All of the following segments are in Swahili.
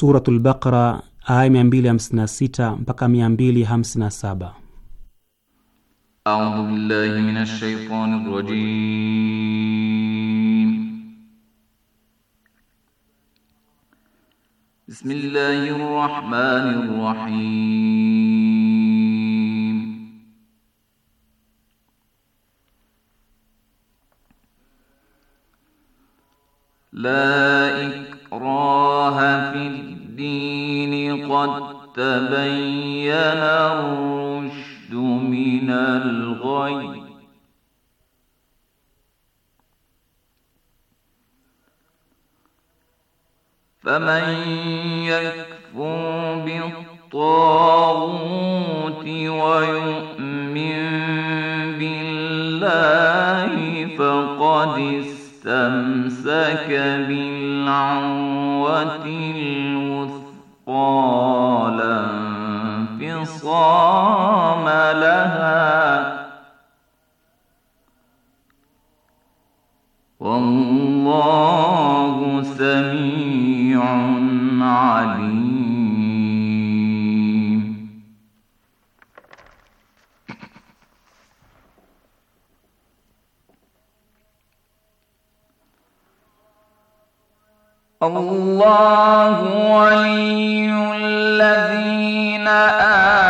Suratul Baqara aya mia mbili na sita mpaka 257. A'udhu billahi minash shaitani rajim فمن يكفر بالطاغوت ويؤمن بالله فقد استمسك بالعروة الوثقى لا انفصام لها والله الله ولي الذين آمنوا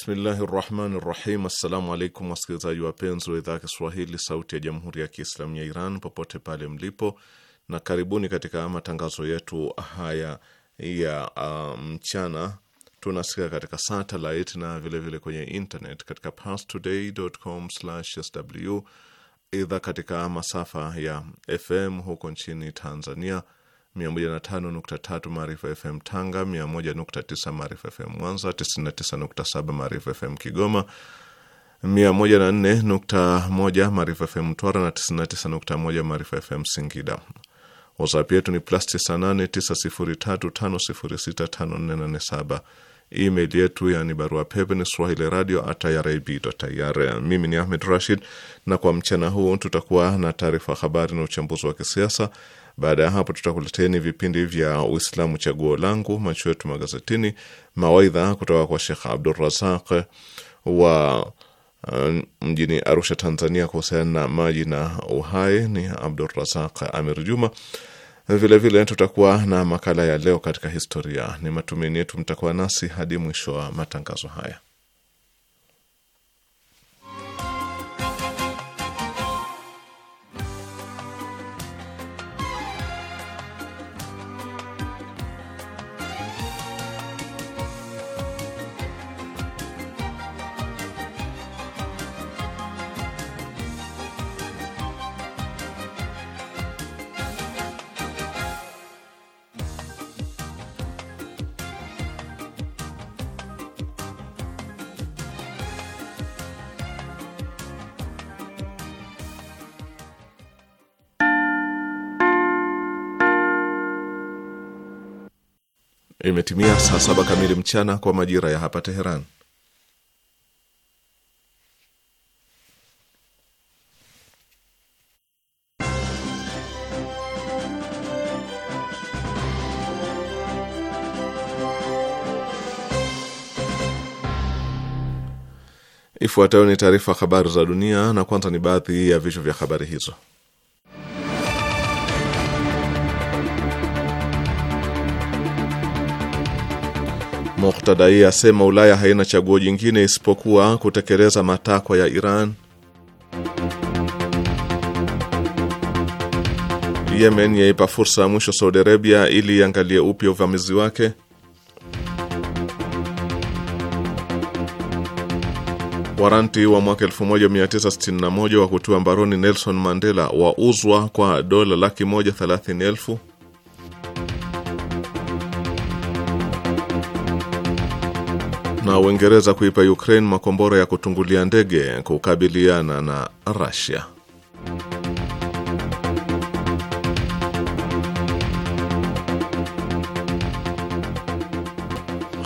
Bismillahi rahmani rahim. Assalamu alaikum wasikilizaji wapenzi wa idhaa ya Kiswahili sauti ya jamhuri ya Kiislamu ya Iran popote pale mlipo, na karibuni katika matangazo yetu haya ya uh, mchana. Um, tunasikika katika satelit na vilevile vile kwenye internet katika parstoday.com/sw, idha katika masafa ya FM huko nchini Tanzania 105.3 Maarifa FM Tanga, 101.9 Maarifa FM Mwanza, 99.7 Maarifa FM Kigoma, 104.1 Maarifa FM Mtwara na 99.1 Maarifa FM Singida. WhatsApp yetu ni plus 989035065487. Email yetu yani barua pepe ni swahili radio at irib.ir. Mimi ni Ahmed Rashid, na kwa mchana huu tutakuwa na taarifa habari na uchambuzi wa kisiasa baada ya hapo, tutakuleteni vipindi vya Uislamu, chaguo langu, macho yetu magazetini, mawaidha kutoka kwa Shekh Abdurazaq wa um, mjini Arusha, Tanzania, kuhusiana na maji na uhai, ni Abdurazaq Amir Juma. Vilevile vile, tutakuwa na makala ya leo katika historia. Ni matumaini yetu mtakuwa nasi hadi mwisho wa matangazo haya. saa saba kamili mchana kwa majira ya hapa Teheran. Ifuatayo ni taarifa habari za dunia, na kwanza ni baadhi ya vichwa vya habari hizo. Muktadai asema Ulaya haina chaguo jingine isipokuwa kutekeleza matakwa ya Iran. Yemen yaipa fursa ya mwisho Saudi Arabia ili iangalie upya uvamizi wake. Waranti wa mwaka 1961 wa kutua mbaroni Nelson Mandela wauzwa kwa dola laki moja thelathini elfu. na Uingereza kuipa Ukraine makombora ya kutungulia ndege kukabiliana na Russia.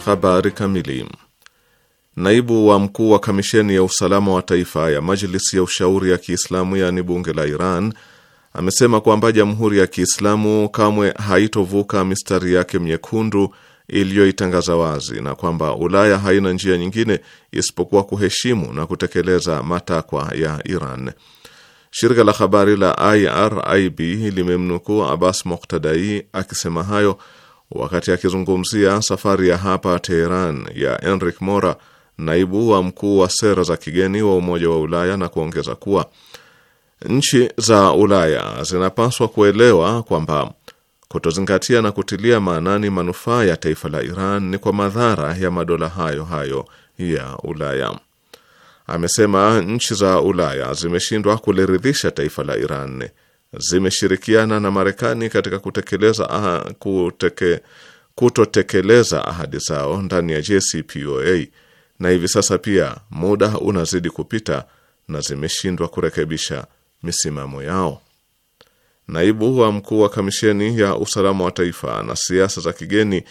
Habari kamili. Naibu wa mkuu wa kamisheni ya usalama wa taifa ya Majlisi ya ushauri ya Kiislamu yaani bunge la Iran amesema kwamba jamhuri ya Kiislamu kamwe haitovuka mistari yake myekundu iliyoitangaza wazi na kwamba Ulaya haina njia nyingine isipokuwa kuheshimu na kutekeleza matakwa ya Iran. Shirika la habari la IRIB limemnukuu Abbas Moktadai akisema hayo wakati akizungumzia safari ya hapa Teheran ya Enric Mora, naibu wa mkuu wa sera za kigeni wa Umoja wa Ulaya, na kuongeza kuwa nchi za Ulaya zinapaswa kuelewa kwamba Kutozingatia na kutilia maanani manufaa ya taifa la Iran ni kwa madhara ya madola hayo hayo ya Ulaya. Amesema nchi za Ulaya zimeshindwa kuliridhisha taifa la Iran, zimeshirikiana na Marekani katika kutekeleza aha, kuteke, kutotekeleza ahadi zao ndani ya JCPOA na hivi sasa pia muda unazidi kupita na zimeshindwa kurekebisha misimamo yao naibu wa mkuu wa kamisheni ya usalama wa taifa na siasa za kigeni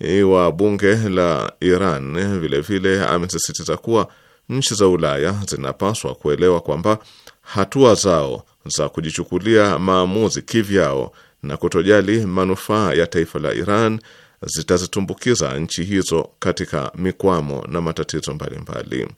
e, wa bunge la Iran vilevile amesisitiza kuwa nchi za Ulaya zinapaswa kuelewa kwamba hatua zao za kujichukulia maamuzi kivyao na kutojali manufaa ya taifa la Iran zitazitumbukiza nchi hizo katika mikwamo na matatizo mbalimbali.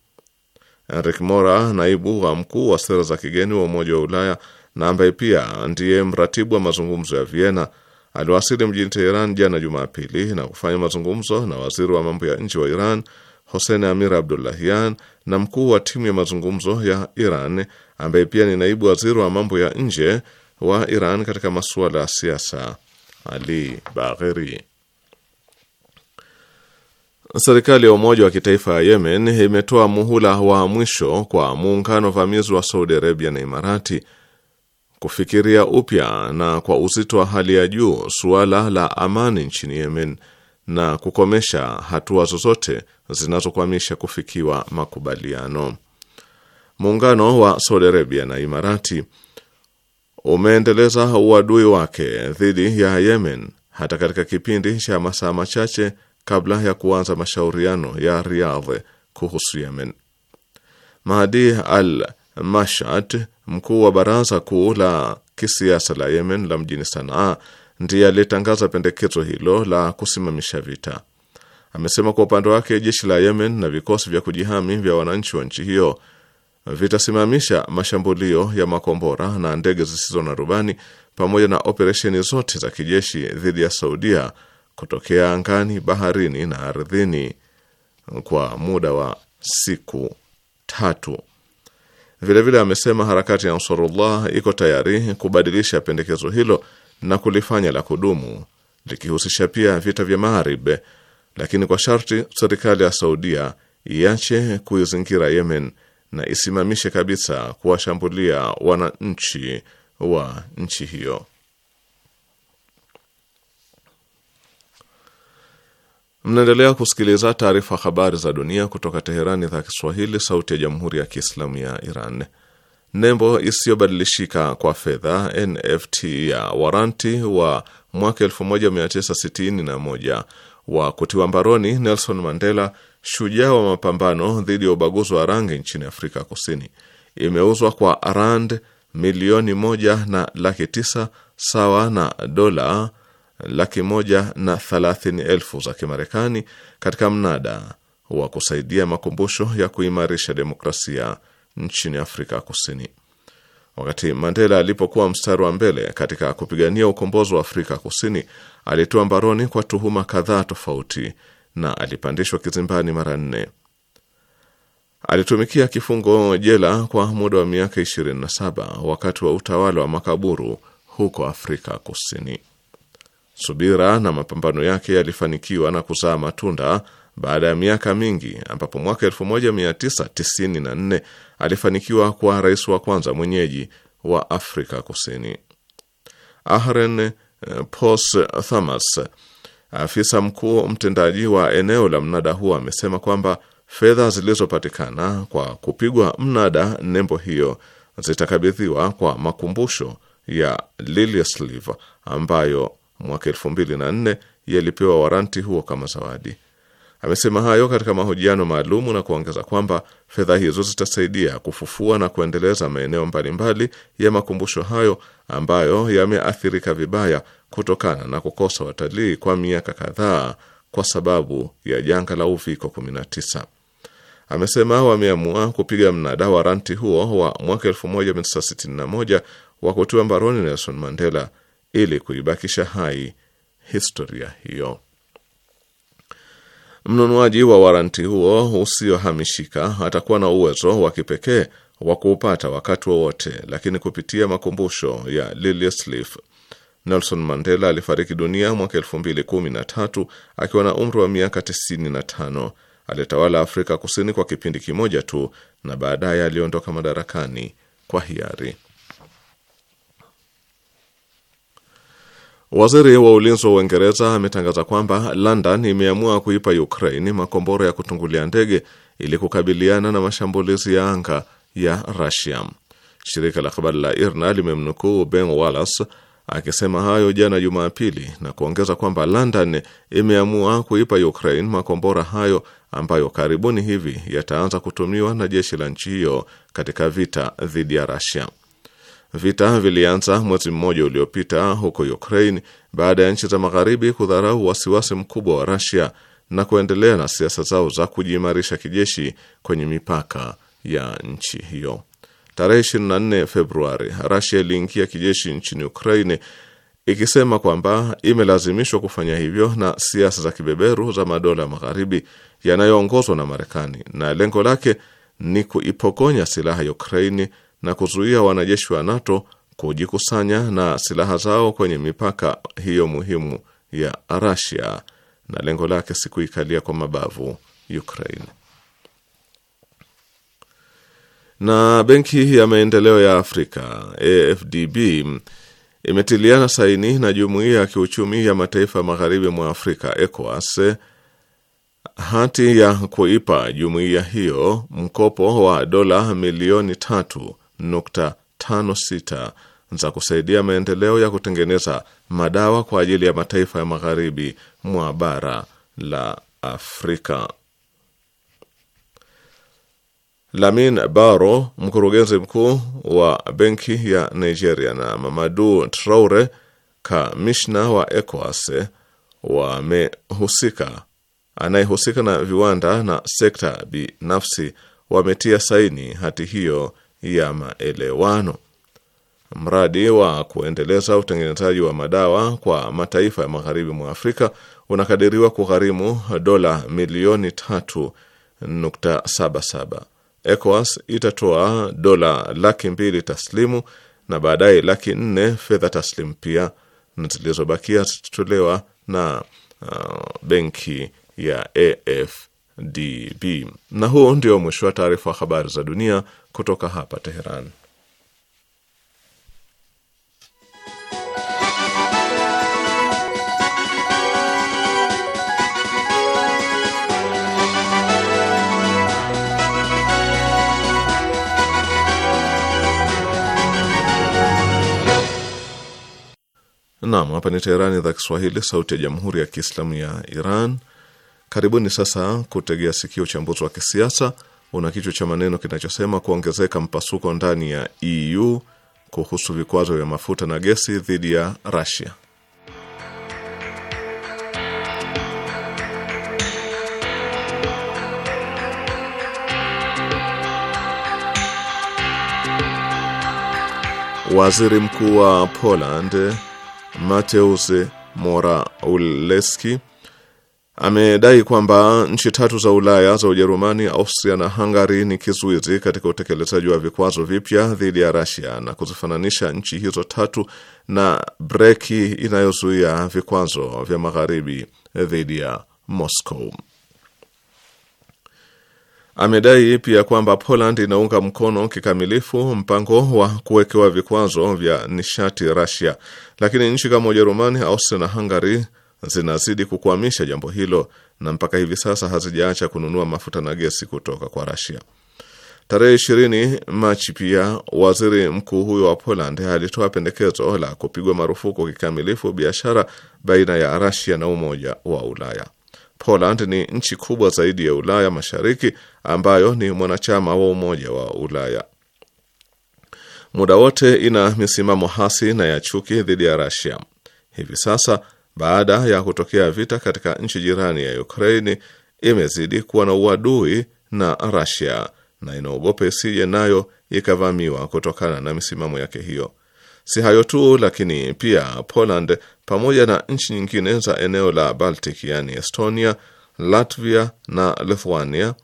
Enrique Mora, naibu wa mkuu wa sera za kigeni wa Umoja wa Ulaya na ambaye pia ndiye mratibu wa mazungumzo ya Vienna aliwasili mjini Teheran jana Jumapili na kufanya mazungumzo na waziri wa mambo ya nje wa Iran Hossein Amir Abdullahian na mkuu wa timu ya mazungumzo ya Iran ambaye pia ni naibu waziri wa mambo ya nje wa Iran katika masuala ya siasa Ali Bagheri. Serikali ya Umoja wa Kitaifa ya Yemen imetoa muhula wa mwisho kwa muungano vamizi wa Saudi Arabia na Imarati kufikiria upya na kwa uzito wa hali ya juu suala la amani nchini Yemen na kukomesha hatua zozote zinazokwamisha kufikiwa makubaliano. Muungano wa Saudi Arabia na Imarati umeendeleza uadui wake dhidi ya Yemen hata katika kipindi cha masaa machache kabla ya kuanza mashauriano ya Riyadh kuhusu Yemen. Mahdi al mashat mkuu wa baraza kuu la kisiasa la Yemen la mjini Sanaa, ndiye aliyetangaza pendekezo hilo la kusimamisha vita. Amesema kwa upande wake jeshi la Yemen na vikosi vya kujihami vya wananchi wa nchi hiyo vitasimamisha mashambulio ya makombora na ndege zisizo na rubani pamoja na operesheni zote za kijeshi dhidi ya Saudia kutokea angani, baharini na ardhini kwa muda wa siku tatu. Vilevile amesema harakati ya Ansarullah iko tayari kubadilisha pendekezo hilo na kulifanya la kudumu, likihusisha pia vita vya Maarib, lakini kwa sharti serikali ya Saudia iache kuizingira Yemen na isimamishe kabisa kuwashambulia wananchi wa nchi hiyo. Mnaendelea kusikiliza taarifa habari za dunia kutoka Teherani, za Kiswahili, sauti ya jamhuri ya kiislamu ya Iran. Nembo isiyobadilishika kwa fedha NFT ya waranti wa mwaka 1961 wa kutiwa mbaroni Nelson Mandela, shujaa wa mapambano dhidi ya ubaguzi wa rangi nchini Afrika Kusini, imeuzwa kwa rand milioni moja na laki tisa sawa na dola laki moja na thalathini elfu za Kimarekani katika mnada wa kusaidia makumbusho ya kuimarisha demokrasia nchini Afrika Kusini. Wakati Mandela alipokuwa mstari wa mbele katika kupigania ukombozi wa Afrika Kusini, alitoa mbaroni kwa tuhuma kadhaa tofauti na alipandishwa kizimbani mara nne. Alitumikia kifungo jela kwa muda wa miaka 27 wakati wa utawala wa makaburu huko Afrika Kusini. Subira na mapambano yake yalifanikiwa na kuzaa matunda baada ya miaka mingi, ambapo mwaka 1994 alifanikiwa kuwa rais wa kwanza mwenyeji wa Afrika Kusini. Ahren eh, Pos thomas afisa mkuu mtendaji wa eneo la mnada huo, amesema kwamba fedha zilizopatikana kwa kupigwa mnada nembo hiyo zitakabidhiwa kwa makumbusho ya Liliesleaf ambayo mwaka elfu mbili na nne yalipewa waranti huo kama zawadi. Amesema hayo katika mahojiano maalumu na kuongeza kwamba fedha hizo zitasaidia kufufua na kuendeleza maeneo mbalimbali ya makumbusho hayo ambayo yameathirika vibaya kutokana na kukosa watalii kwa miaka kadhaa kwa sababu ya janga la uviko 19. Amesema wameamua kupiga mnada waranti huo wa mwaka 1961 wa kutiwa mbaroni Nelson Mandela ili kuibakisha hai historia hiyo. Mnunuaji wa waranti huo usiohamishika atakuwa na uwezo wa kipekee wa kuupata wakati wowote wa, lakini kupitia makumbusho ya Lilies Nelson Mandela alifariki dunia mwaka elfu mbili kumi na tatu akiwa na umri wa miaka tisini na tano. Alitawala Afrika Kusini kwa kipindi kimoja tu na baadaye aliondoka madarakani kwa hiari. Waziri wa ulinzi wa Uingereza ametangaza kwamba London imeamua kuipa Ukraine makombora ya kutungulia ndege ili kukabiliana na mashambulizi ya anga ya Russia. Shirika la habari la IRNA limemnukuu Ben Wallace akisema hayo jana Jumapili na kuongeza kwamba London imeamua kuipa Ukraine makombora hayo ambayo karibuni hivi yataanza kutumiwa na jeshi la nchi hiyo katika vita dhidi ya Russia. Vita vilianza mwezi mmoja uliopita huko Ukraine baada ya nchi za magharibi kudharau wasiwasi mkubwa wa Russia na kuendelea na siasa zao za kujiimarisha kijeshi kwenye mipaka ya nchi hiyo. Tarehe 24 Februari, Russia iliingia kijeshi nchini Ukraine ikisema kwamba imelazimishwa kufanya hivyo na siasa za kibeberu za madola magharibi yanayoongozwa na Marekani, na lengo lake ni kuipokonya silaha ya Ukraini na kuzuia wanajeshi wa NATO kujikusanya na silaha zao kwenye mipaka hiyo muhimu ya Russia na lengo lake si kuikalia kwa mabavu Ukraine. Na Benki ya Maendeleo ya Afrika AFDB imetiliana saini na Jumuiya ya Kiuchumi ya Mataifa Magharibi mwa Afrika ECOWAS hati ya kuipa jumuiya hiyo mkopo wa dola milioni tatu 56 za kusaidia maendeleo ya kutengeneza madawa kwa ajili ya mataifa ya magharibi mwa bara la Afrika. Lamin Baro, mkurugenzi mkuu wa benki ya Nigeria, na Mamadu Traore, kamishna wa ECOWAS, wamehusika anayehusika na viwanda na sekta binafsi, wametia saini hati hiyo ya maelewano. Mradi wa kuendeleza utengenezaji wa madawa kwa mataifa ya magharibi mwa Afrika unakadiriwa kugharimu dola milioni 3.77. ECOWAS itatoa dola laki mbili taslimu na baadaye laki nne fedha taslimu pia na zilizobakia zitatolewa na uh, benki ya AFDB. Na huu ndio mwisho wa taarifa wa habari za dunia kutoka hapa Teheran. Nam, hapa ni Teherani, idhaa Kiswahili, sauti ya jamhuri ya kiislamu ya Iran. Karibuni sasa kutegea sikio uchambuzi wa kisiasa una kichwa cha maneno kinachosema kuongezeka mpasuko ndani ya EU kuhusu vikwazo vya mafuta na gesi dhidi ya Russia. Waziri Mkuu wa Poland Mateusz Morawiecki amedai kwamba nchi tatu za Ulaya za Ujerumani, Austria na Hungary ni kizuizi katika utekelezaji wa vikwazo vipya dhidi ya Rasia na kuzifananisha nchi hizo tatu na breki inayozuia vikwazo vya magharibi dhidi ya Moscow. Amedai pia kwamba Poland inaunga mkono kikamilifu mpango wa kuwekewa vikwazo vya nishati Rasia, lakini nchi kama Ujerumani, Austria na Hungary zinazidi kukwamisha jambo hilo na mpaka hivi sasa hazijaacha kununua mafuta na gesi kutoka kwa Rasia. Tarehe ishirini Machi pia waziri mkuu huyo wa Poland alitoa pendekezo la kupigwa marufuku kikamilifu biashara baina ya Rasia na Umoja wa Ulaya. Poland ni nchi kubwa zaidi ya Ulaya Mashariki ambayo ni mwanachama wa Umoja wa Ulaya. Muda wote ina misimamo hasi na ya chuki dhidi ya Rasia. Hivi sasa baada ya kutokea vita katika nchi jirani ya Ukraini imezidi kuwa na uadui na Rasia na inaogopa isije nayo ikavamiwa kutokana na misimamo yake hiyo. Si hayo tu, lakini pia Poland pamoja na nchi nyingine za eneo la Baltic yaani Estonia, Latvia na Lithuania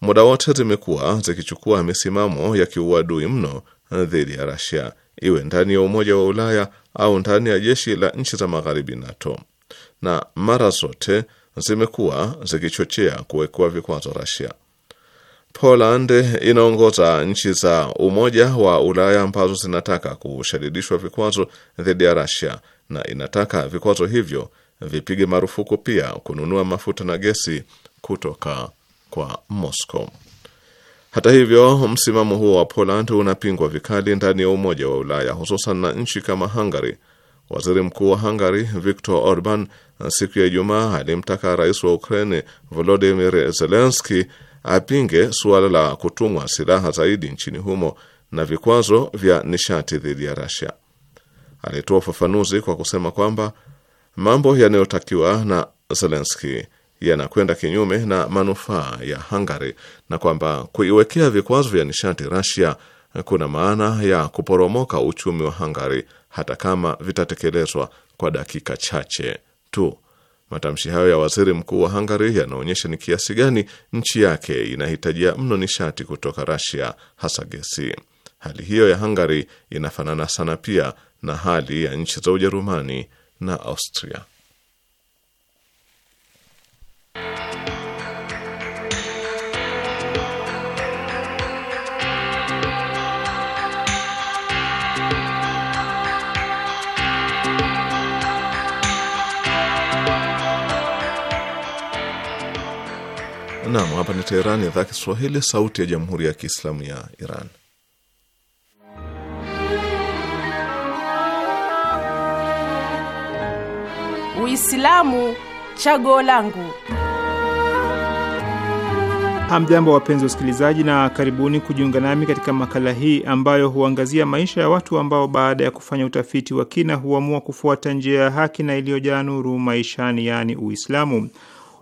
muda wote zimekuwa zikichukua misimamo ya kiuadui mno dhidi ya Rasia iwe ndani ya Umoja wa Ulaya au ndani ya jeshi la nchi za magharibi NATO, na mara zote zimekuwa zikichochea kuwekewa vikwazo Rasia. Poland inaongoza nchi za Umoja wa Ulaya ambazo zinataka kushadidishwa vikwazo dhidi ya Rasia na inataka vikwazo hivyo vipige marufuku pia kununua mafuta na gesi kutoka kwa Moscow. Hata hivyo, msimamo huo wa Poland unapingwa vikali ndani ya Umoja wa Ulaya, hususan na nchi kama Hungary. Waziri Mkuu wa Hungary Viktor Orban siku ya Ijumaa alimtaka rais wa ukraini Volodimir Zelenski apinge suala la kutumwa silaha zaidi nchini humo na vikwazo vya nishati dhidi ya rasia Alitoa ufafanuzi kwa kusema kwamba mambo yanayotakiwa na Zelenski yanakwenda kinyume na manufaa ya Hungary na kwamba kuiwekea vikwazo vya nishati Russia kuna maana ya kuporomoka uchumi wa Hungary hata kama vitatekelezwa kwa dakika chache tu. Matamshi hayo ya waziri mkuu wa Hungary yanaonyesha ni kiasi gani nchi yake inahitajia mno nishati kutoka Russia, hasa gesi. Hali hiyo ya Hungary inafanana sana pia na hali ya nchi za Ujerumani na Austria. Naam, hapa ni teheran idhaa Kiswahili, sauti ya jamhuri ya kiislamu ya Iran. Uislamu chaguo langu. Hamjambo, wapenzi wa usikilizaji, na karibuni kujiunga nami katika makala hii ambayo huangazia maisha ya watu ambao baada ya kufanya utafiti wa kina huamua kufuata njia ya haki na iliyojaa nuru maishani, yaani Uislamu.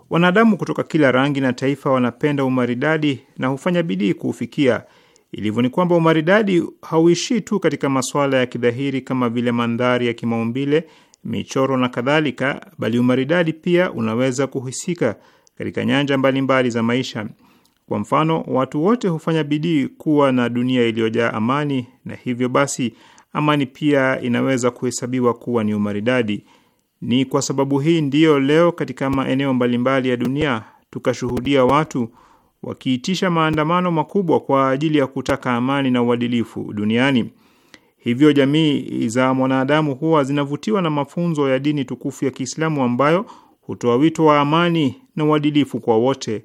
Wanadamu kutoka kila rangi na taifa wanapenda umaridadi na hufanya bidii kuufikia. Ilivyo ni kwamba umaridadi hauishii tu katika masuala ya kidhahiri kama vile mandhari ya kimaumbile, michoro na kadhalika, bali umaridadi pia unaweza kuhisika katika nyanja mbalimbali mbali za maisha. Kwa mfano, watu wote hufanya bidii kuwa na dunia iliyojaa amani, na hivyo basi amani pia inaweza kuhesabiwa kuwa ni umaridadi. Ni kwa sababu hii ndiyo leo katika maeneo mbalimbali ya dunia tukashuhudia watu wakiitisha maandamano makubwa kwa ajili ya kutaka amani na uadilifu duniani. Hivyo jamii za mwanadamu huwa zinavutiwa na mafunzo ya dini tukufu ya Kiislamu ambayo hutoa wito wa amani na uadilifu kwa wote.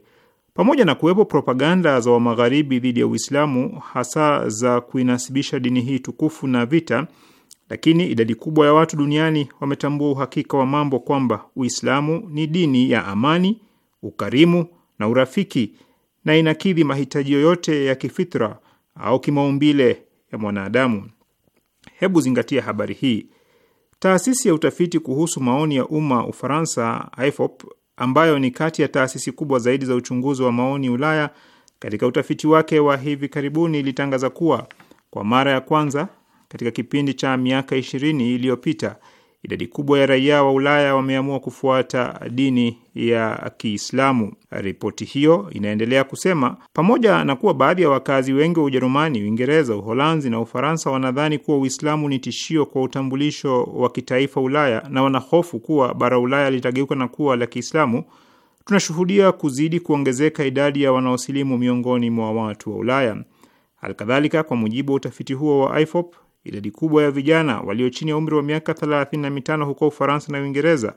Pamoja na kuwepo propaganda za Wamagharibi dhidi ya Uislamu, hasa za kuinasibisha dini hii tukufu na vita lakini idadi kubwa ya watu duniani wametambua uhakika wa mambo kwamba Uislamu ni dini ya amani, ukarimu na urafiki na inakidhi mahitaji yoyote ya kifitra au kimaumbile ya mwanadamu. Hebu zingatia habari hii. Taasisi ya utafiti kuhusu maoni ya umma Ufaransa, IFOP, ambayo ni kati ya taasisi kubwa zaidi za uchunguzi wa maoni Ulaya, katika utafiti wake wa hivi karibuni ilitangaza kuwa kwa mara ya kwanza katika kipindi cha miaka ishirini iliyopita idadi kubwa ya raia wa Ulaya wameamua kufuata dini ya Kiislamu. Ripoti hiyo inaendelea kusema, pamoja na kuwa baadhi ya wakazi wengi wa Ujerumani, Uingereza, Uholanzi na Ufaransa wanadhani kuwa Uislamu ni tishio kwa utambulisho wa kitaifa Ulaya na wanahofu kuwa bara Ulaya litageuka na kuwa la Kiislamu, tunashuhudia kuzidi kuongezeka idadi ya wanaosilimu miongoni mwa watu wa Ulaya. Alkadhalika, kwa mujibu wa utafiti huo wa IFOP, Idadi kubwa ya vijana walio chini ya umri wa miaka 35 huko Ufaransa na Uingereza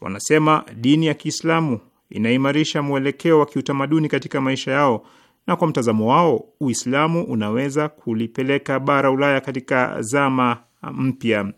wanasema dini ya Kiislamu inaimarisha mwelekeo wa kiutamaduni katika maisha yao, na kwa mtazamo wao Uislamu unaweza kulipeleka bara Ulaya katika zama mpya.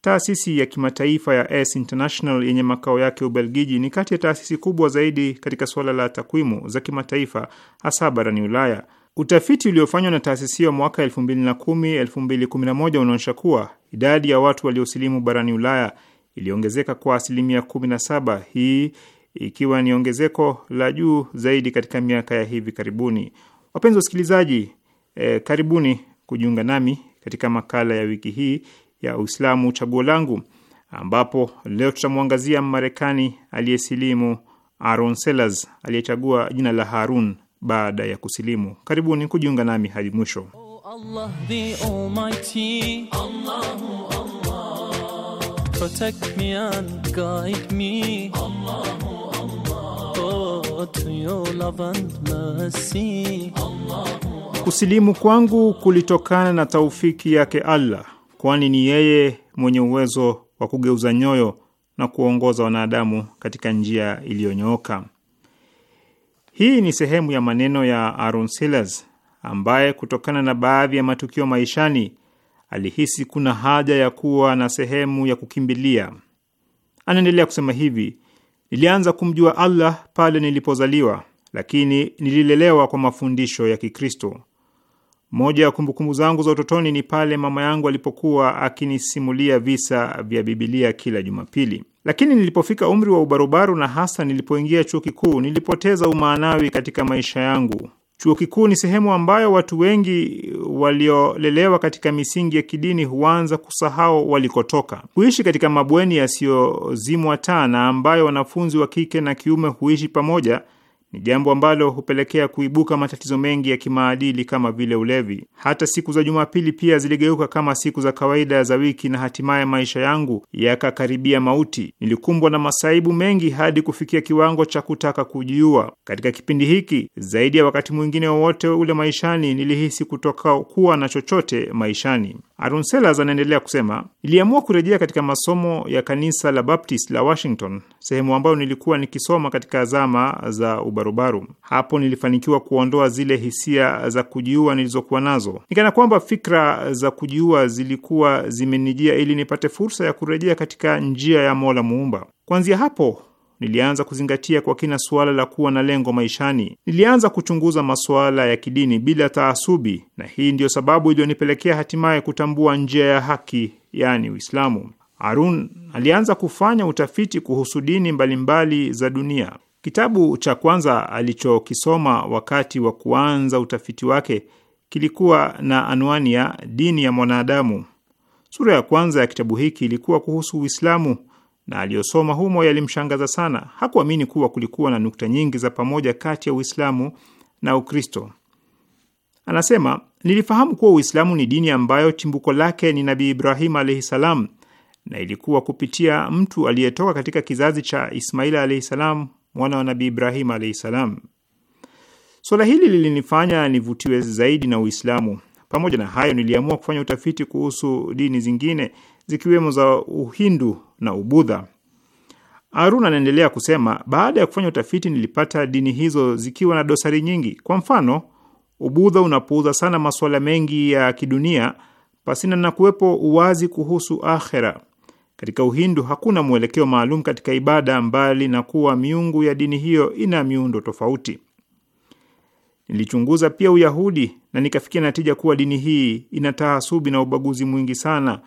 Taasisi ya kimataifa ya S International yenye makao yake Ubelgiji ni kati ya taasisi kubwa zaidi katika suala la takwimu za kimataifa, hasa barani Ulaya. Utafiti uliofanywa na taasisi hiyo mwaka 2010 2011 unaonyesha kuwa idadi ya watu waliosilimu barani Ulaya iliongezeka kwa asilimia 17, hii ikiwa ni ongezeko la juu zaidi katika miaka ya hivi karibuni. Wapenzi wasikilizaji, eh, karibuni kujiunga nami katika makala ya wiki hii ya Uislamu Chaguo Langu, ambapo leo tutamwangazia marekani aliyesilimu Aaron Sellers aliyechagua jina la Harun baada ya kusilimu. Karibuni kujiunga nami hadi mwisho. Oh, kusilimu kwangu kulitokana na taufiki yake Allah, kwani ni yeye mwenye uwezo wa kugeuza nyoyo na kuongoza wanadamu katika njia iliyonyooka. Hii ni sehemu ya maneno ya Aaron Sellers ambaye kutokana na baadhi ya matukio maishani alihisi kuna haja ya kuwa na sehemu ya kukimbilia. Anaendelea kusema hivi: nilianza kumjua Allah pale nilipozaliwa, lakini nililelewa kwa mafundisho ya Kikristo. Moja ya kumbukumbu zangu za utotoni ni pale mama yangu alipokuwa akinisimulia visa vya Bibilia kila Jumapili, lakini nilipofika umri wa ubarubaru na hasa nilipoingia chuo kikuu nilipoteza umaanawi katika maisha yangu. Chuo kikuu ni sehemu ambayo watu wengi waliolelewa katika misingi ya kidini huanza kusahau walikotoka, kuishi katika mabweni yasiyozimwa taa na ambayo wanafunzi wa kike na kiume huishi pamoja ni jambo ambalo hupelekea kuibuka matatizo mengi ya kimaadili kama vile ulevi. Hata siku za Jumapili pia ziligeuka kama siku za kawaida za wiki, na hatimaye maisha yangu yakakaribia mauti. Nilikumbwa na masaibu mengi hadi kufikia kiwango cha kutaka kujiua. Katika kipindi hiki, zaidi ya wakati mwingine wowote ule maishani, nilihisi kutoka kuwa na chochote maishani. Arunselas anaendelea kusema, niliamua kurejea katika masomo ya kanisa la Baptist la Washington, sehemu ambayo nilikuwa nikisoma katika zama za uba kibarubaru. Hapo nilifanikiwa kuondoa zile hisia za kujiua nilizokuwa nazo, nikana kwamba fikra za kujiua zilikuwa zimenijia ili nipate fursa ya kurejea katika njia ya Mola Muumba. Kuanzia hapo nilianza kuzingatia kwa kina suala la kuwa na lengo maishani. Nilianza kuchunguza masuala ya kidini bila taasubi, na hii ndiyo sababu iliyonipelekea hatimaye kutambua njia ya haki, yaani Uislamu. Harun alianza kufanya utafiti kuhusu dini mbalimbali za dunia. Kitabu cha kwanza alichokisoma wakati wa kuanza utafiti wake kilikuwa na anwani ya dini ya mwanadamu. Sura ya kwanza ya kitabu hiki ilikuwa kuhusu Uislamu na aliyosoma humo yalimshangaza sana. Hakuamini kuwa kulikuwa na nukta nyingi za pamoja kati ya Uislamu na Ukristo. Anasema, nilifahamu kuwa Uislamu ni dini ambayo chimbuko lake ni Nabii Ibrahim alaihi salam, na ilikuwa kupitia mtu aliyetoka katika kizazi cha Ismaila alaihi salam mwana wa Nabii Ibrahim alaihi salam. Suala hili lilinifanya nivutiwe zaidi na Uislamu. Pamoja na hayo, niliamua kufanya utafiti kuhusu dini zingine zikiwemo za Uhindu na Ubudha. Arun anaendelea kusema, baada ya kufanya utafiti nilipata dini hizo zikiwa na dosari nyingi. Kwa mfano, Ubudha unapuuza sana masuala mengi ya kidunia pasina na kuwepo uwazi kuhusu akhera. Katika Uhindu hakuna mwelekeo maalum katika ibada, mbali na kuwa miungu ya dini hiyo ina miundo tofauti. Nilichunguza pia Uyahudi na nikafikia natija kuwa dini hii ina taasubi na ubaguzi mwingi sana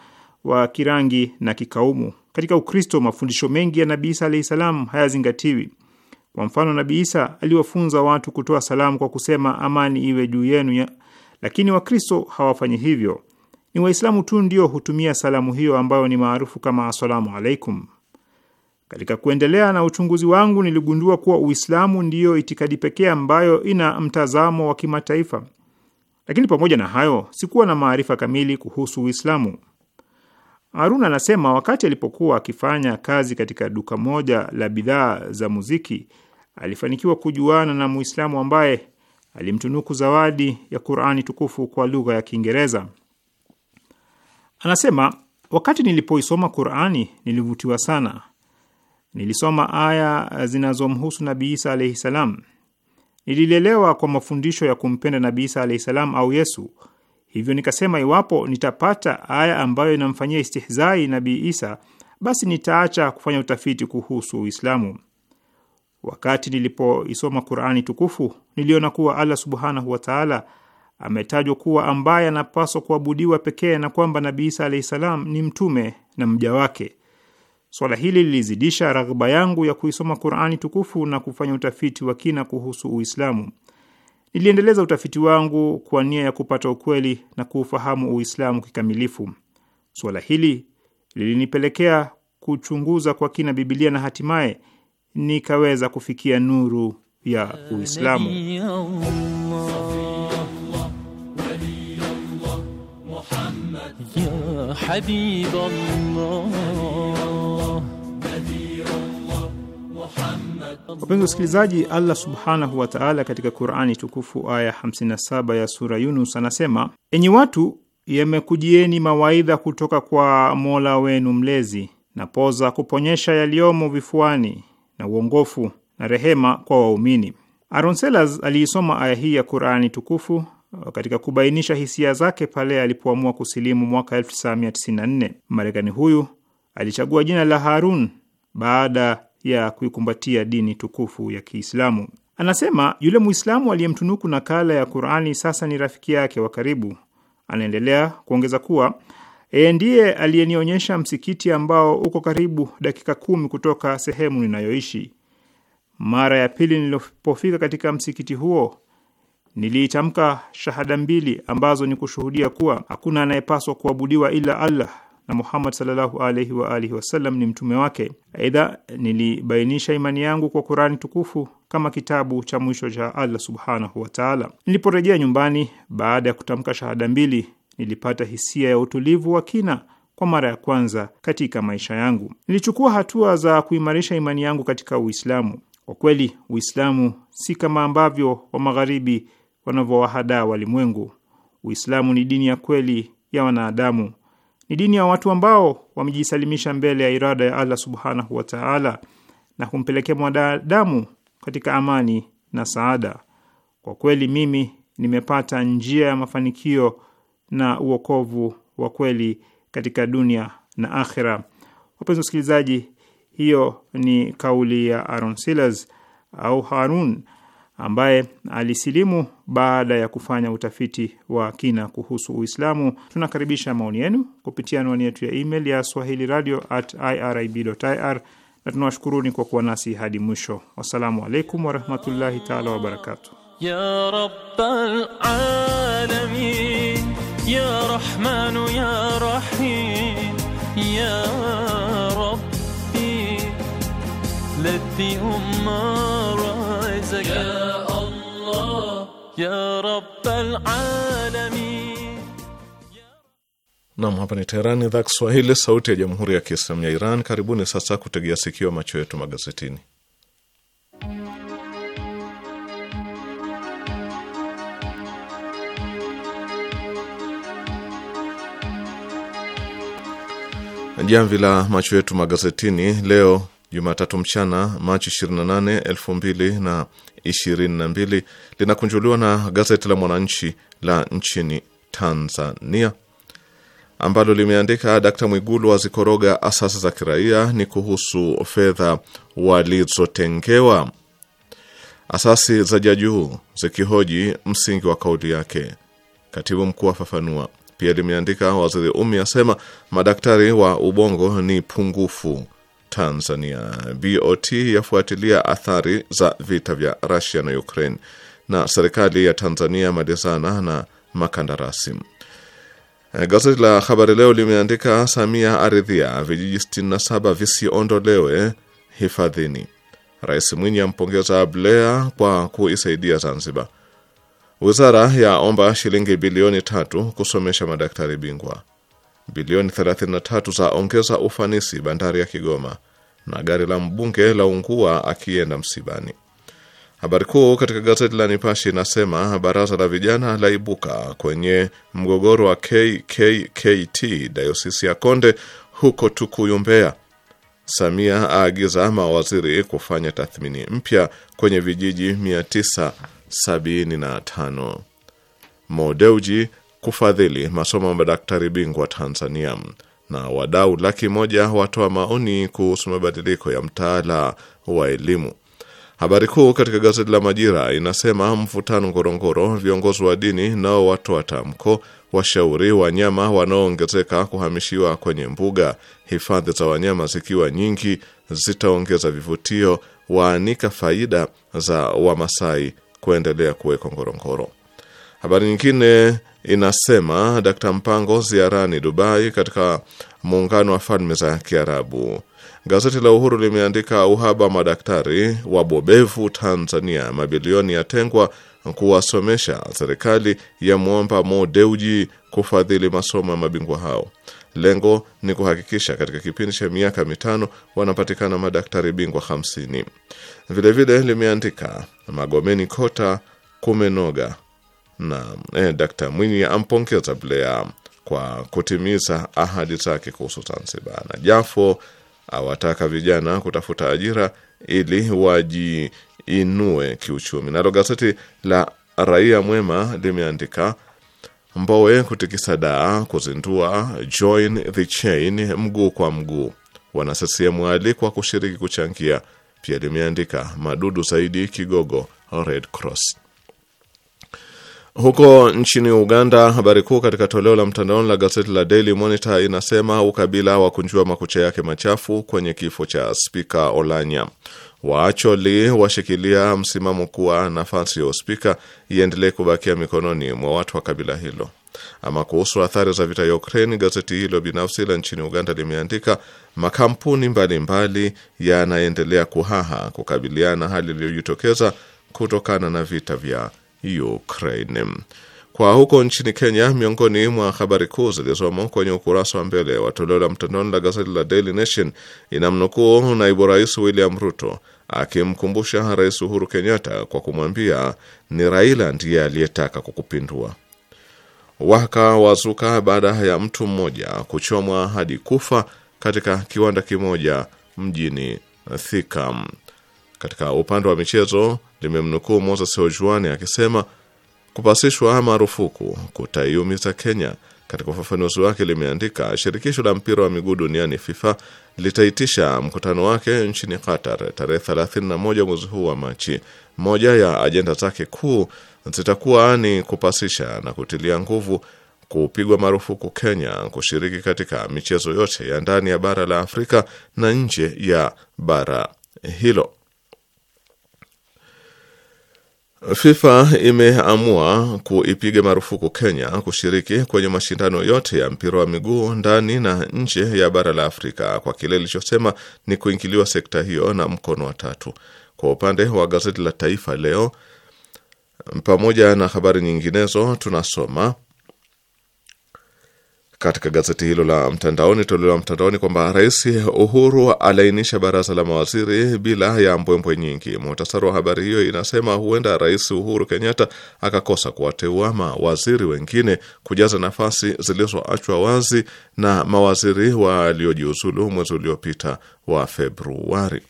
wa kirangi na kikaumu. Katika Ukristo mafundisho mengi ya Nabii Isa alahi salam hayazingatiwi. Kwa mfano, Nabii Isa aliwafunza watu kutoa salamu kwa kusema amani iwe juu yenu ya, lakini Wakristo hawafanyi hivyo. Ni Waislamu tu ndio hutumia salamu hiyo ambayo ni maarufu kama asalamu alaikum. Katika kuendelea na uchunguzi wangu, niligundua kuwa Uislamu ndiyo itikadi pekee ambayo ina mtazamo wa kimataifa, lakini pamoja na hayo sikuwa na maarifa kamili kuhusu Uislamu. Harun anasema wakati alipokuwa akifanya kazi katika duka moja la bidhaa za muziki alifanikiwa kujuana na Muislamu ambaye alimtunuku zawadi ya Qurani tukufu kwa lugha ya Kiingereza. Anasema, wakati nilipoisoma Qurani nilivutiwa sana. Nilisoma aya zinazomhusu Nabii Isa alaihi salam. Nililelewa kwa mafundisho ya kumpenda Nabii Isa alaihi salam au Yesu. Hivyo nikasema, iwapo nitapata aya ambayo inamfanyia istihzai Nabii Isa, basi nitaacha kufanya utafiti kuhusu Uislamu. Wakati nilipoisoma Qurani tukufu niliona kuwa Allah subhanahu wataala ametajwa kuwa ambaye anapaswa kuabudiwa pekee na kwamba Nabii Isa alahi salam ni mtume na mja wake. Swala hili lilizidisha raghba yangu ya kuisoma Qurani tukufu na kufanya utafiti wa kina kuhusu Uislamu. Niliendeleza utafiti wangu kwa nia ya kupata ukweli na kuufahamu Uislamu kikamilifu. Suala hili lilinipelekea kuchunguza kwa kina Bibilia na hatimaye nikaweza kufikia nuru ya Uislamu. حبيب Allah, Allah Wapenzi wasikilizaji, Allah subhanahu wa taala katika Qurani tukufu aya 57 ya sura Yunus anasema, enyi watu, yamekujieni mawaidha kutoka kwa mola wenu mlezi, na poza kuponyesha yaliyomo vifuani na uongofu na rehema kwa waumini. Aronselas aliisoma aya hii ya Qurani tukufu katika kubainisha hisia zake pale alipoamua kusilimu mwaka 1994. Marekani huyu alichagua jina la Harun baada ya kuikumbatia dini tukufu ya Kiislamu. Anasema yule Muislamu aliyemtunuku nakala ya Qurani sasa ni rafiki yake wa karibu. Anaendelea kuongeza kuwa yeye ndiye aliyenionyesha msikiti ambao uko karibu dakika kumi kutoka sehemu ninayoishi. Mara ya pili nilipofika katika msikiti huo niliitamka shahada mbili ambazo ni kushuhudia kuwa hakuna anayepaswa kuabudiwa ila Allah na Muhammad sallallahu alaihi wa alihi wasallam ni mtume wake. Aidha, nilibainisha imani yangu kwa Kurani tukufu kama kitabu cha mwisho cha Allah subhanahu wa taala. Niliporejea nyumbani baada ya kutamka shahada mbili, nilipata hisia ya utulivu wa kina kwa mara ya kwanza katika maisha yangu. Nilichukua hatua za kuimarisha imani yangu katika Uislamu. Kwa kweli Uislamu si kama ambavyo wa magharibi wanavyowahadaa walimwengu. Uislamu ni dini ya kweli ya wanadamu, ni dini ya watu ambao wamejisalimisha mbele ya irada ya Allah subhanahu wa taala na kumpelekea mwanadamu katika amani na saada. Kwa kweli mimi nimepata njia ya mafanikio na uokovu wa kweli katika dunia na akhira. Wapenzi wasikilizaji, hiyo ni kauli ya Aaron Silas au Harun ambaye alisilimu baada ya kufanya utafiti wa kina kuhusu Uislamu. Tunakaribisha maoni yenu kupitia anwani yetu ya email ya swahili radio at irib.ir, na tunawashukuruni kwa kuwa nasi hadi mwisho. Wassalamu alaikum warahmatullahi taala wabarakatuh. ya rabbal alamin ya rahmanu ya rahim ya rabbi umma ya rabbal alamin. Nam, hapa ni teheran idhaa Kiswahili, sauti ya jamhuri ya kiislamu ya Iran. Karibuni sasa kutegea sikio, macho yetu magazetini. Jamvi la macho yetu magazetini leo Jumatatu mchana Machi 28, 22 linakunjuliwa na gazeti la Mwananchi la nchini Tanzania ambalo limeandika Dkt Mwigulu azikoroga asasi za kiraia ni kuhusu fedha walizotengewa. Asasi za jajuu zikihoji msingi wa kauli yake, katibu mkuu afafanua. Pia limeandika waziri Umi asema madaktari wa ubongo ni pungufu Tanzania. BOT yafuatilia athari za vita vya Rusia na Ukraine, na serikali ya Tanzania malizana na makandarasi. Gazeti la Habari Leo limeandika Samia aridhia vijiji 67 visiondolewe hifadhini. Rais Mwinyi ampongeza Blea kwa kuisaidia Zanzibar. Wizara ya omba shilingi bilioni tatu kusomesha madaktari bingwa bilioni 33 za ongeza ufanisi bandari ya Kigoma, na gari la mbunge la ungua akienda msibani. Habari kuu katika gazeti la Nipashi inasema baraza la vijana la ibuka kwenye mgogoro wa KKKT dayosisi ya Konde huko Tukuyu, Mbeya. Samia aagiza mawaziri kufanya tathmini mpya kwenye vijiji 975. Modeuji kufadhili masomo ya madaktari bingwa Tanzania, na wadau laki moja watoa maoni kuhusu mabadiliko ya mtaala wa elimu. Habari kuu katika gazeti la Majira inasema mvutano Ngorongoro, viongozi wa dini nao watoa tamko, washauri wanyama wanaoongezeka kuhamishiwa kwenye mbuga, hifadhi za wanyama zikiwa nyingi zitaongeza vivutio, waanika faida za Wamasai kuendelea kuwekwa Ngorongoro. Habari nyingine inasema Dr. Mpango ziarani Dubai katika muungano wa falme za Kiarabu. Gazeti la Uhuru limeandika uhaba madaktari wabobevu Tanzania, mabilioni yatengwa kuwasomesha, serikali ya mwomba Modeuji kufadhili masomo ya mabingwa hao. Lengo ni kuhakikisha katika kipindi cha miaka mitano wanapatikana madaktari bingwa hamsini. Vilevile limeandika Magomeni kota kumenoga na eh, Dr. Mwinyi ampongeza Blair kwa kutimiza ahadi zake kuhusu Zanzibar, na Jafo awataka vijana kutafuta ajira ili wajiinue kiuchumi. Nalo gazeti la Raia Mwema limeandika Mbowe kutikisa daa kuzindua Join the Chain mguu kwa mguu, wana CCM waalikwa kushiriki kuchangia. Pia limeandika madudu zaidi Kigogo Red Cross. Huko nchini Uganda, habari kuu katika toleo la mtandaoni la gazeti la Daily Monitor inasema ukabila wa kunjua makucha yake machafu kwenye kifo cha spika Olanya. Waacholi washikilia msimamo kuwa nafasi ya uspika iendelee kubakia mikononi mwa watu wa kabila hilo. Ama kuhusu athari za vita ya Ukraine, gazeti hilo binafsi la nchini Uganda limeandika makampuni mbalimbali yanaendelea kuhaha kukabiliana na hali iliyojitokeza kutokana na vita vya Ukraine. Kwa huko nchini Kenya, miongoni mwa habari kuu zilizomo kwenye ukurasa wa mbele wa toleo la mtandaoni la gazeti la Daily Nation inamnukuu naibu rais William Ruto akimkumbusha Rais Uhuru Kenyatta kwa kumwambia ni Raila ndiye aliyetaka kukupindua. Waka wazuka baada ya mtu mmoja kuchomwa hadi kufa katika kiwanda kimoja mjini Thika. Katika upande wa michezo, limemnukuu Moses Ojuani akisema kupasishwa marufuku kutaiumiza Kenya. Katika ufafanuzi wake limeandika, shirikisho la mpira wa miguu duniani FIFA litaitisha mkutano wake nchini Qatar tarehe 31 mwezi huu wa Machi. Moja ya ajenda zake kuu zitakuwa ni kupasisha na kutilia nguvu kupigwa marufuku Kenya kushiriki katika michezo yote ya ndani ya bara la Afrika na nje ya bara hilo. FIFA imeamua kuipiga marufuku Kenya kushiriki kwenye mashindano yote ya mpira wa miguu ndani na nje ya bara la Afrika kwa kile ilichosema ni kuingiliwa sekta hiyo na mkono wa tatu. Kwa upande wa gazeti la Taifa Leo, pamoja na habari nyinginezo, tunasoma katika gazeti hilo la mtandaoni toleo la mtandaoni kwamba Rais Uhuru alainisha baraza la mawaziri bila ya mbwembwe nyingi. Muhtasari wa habari hiyo inasema huenda Rais Uhuru Kenyatta akakosa kuwateua mawaziri wengine kujaza nafasi zilizoachwa wazi na mawaziri waliojiuzulu mwezi uliopita wa Februari.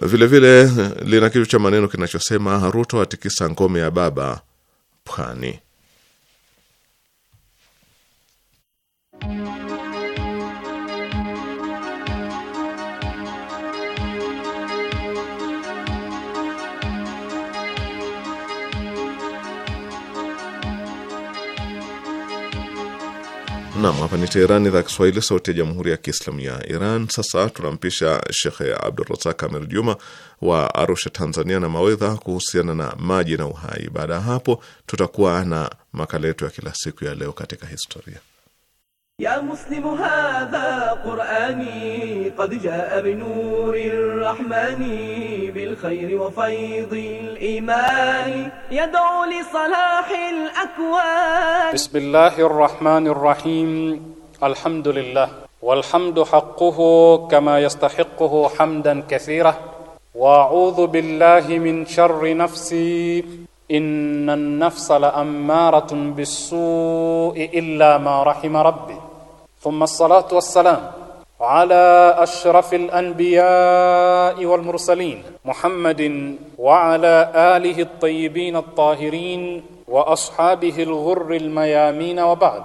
Vilevile lina kichwa cha maneno kinachosema Ruto atikisa ngome ya baba Pwani. Nam, hapa ni Teherani, idhaa Kiswahili, sauti ya jamhuri ya kiislamu ya Iran. Sasa tunampisha Shekhe Abdurazak Amir Juma wa Arusha, Tanzania, na mawedha kuhusiana na maji na uhai. Baada ya hapo, tutakuwa na makala yetu ya kila siku ya leo katika historia. يا مسلم هذا قرآني قد جاء بنور الرحمن بالخير وفيض الإيمان يدعو لصلاح الأكوان بسم الله الرحمن الرحيم الحمد لله والحمد حقه كما يستحقه حمدا كثيرا وأعوذ بالله من شر نفسي إن النفس لأمارة بالسوء إلا ما رحم ربي ثم الصلاة والسلام على أشرف الأنبياء والمرسلين محمد وعلى آله الطيبين الطاهرين وأصحابه الغر الميامين وبعد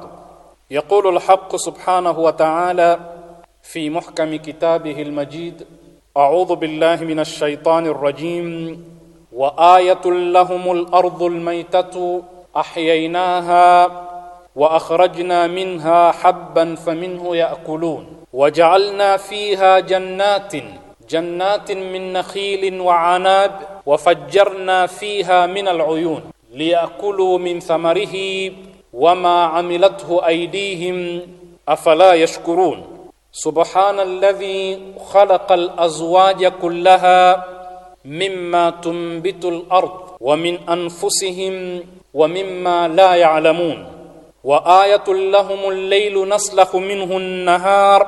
يقول الحق سبحانه وتعالى في محكم كتابه المجيد أعوذ بالله من الشيطان الرجيم وآية لهم الأرض الميتة أحييناها واخرجنا منها حبا فمنه ياكلون وجعلنا فيها جنات جنات من نخيل وعناب وفجرنا فيها من العيون ليأكلوا من ثمره وما عملته أيديهم أفلا يشكرون سبحان الذي خلق الأزواج كلها مما تنبت الأرض ومن أنفسهم ومما لا يعلمون wa ayatul lahum al-laylu naslahu minhu an-nahar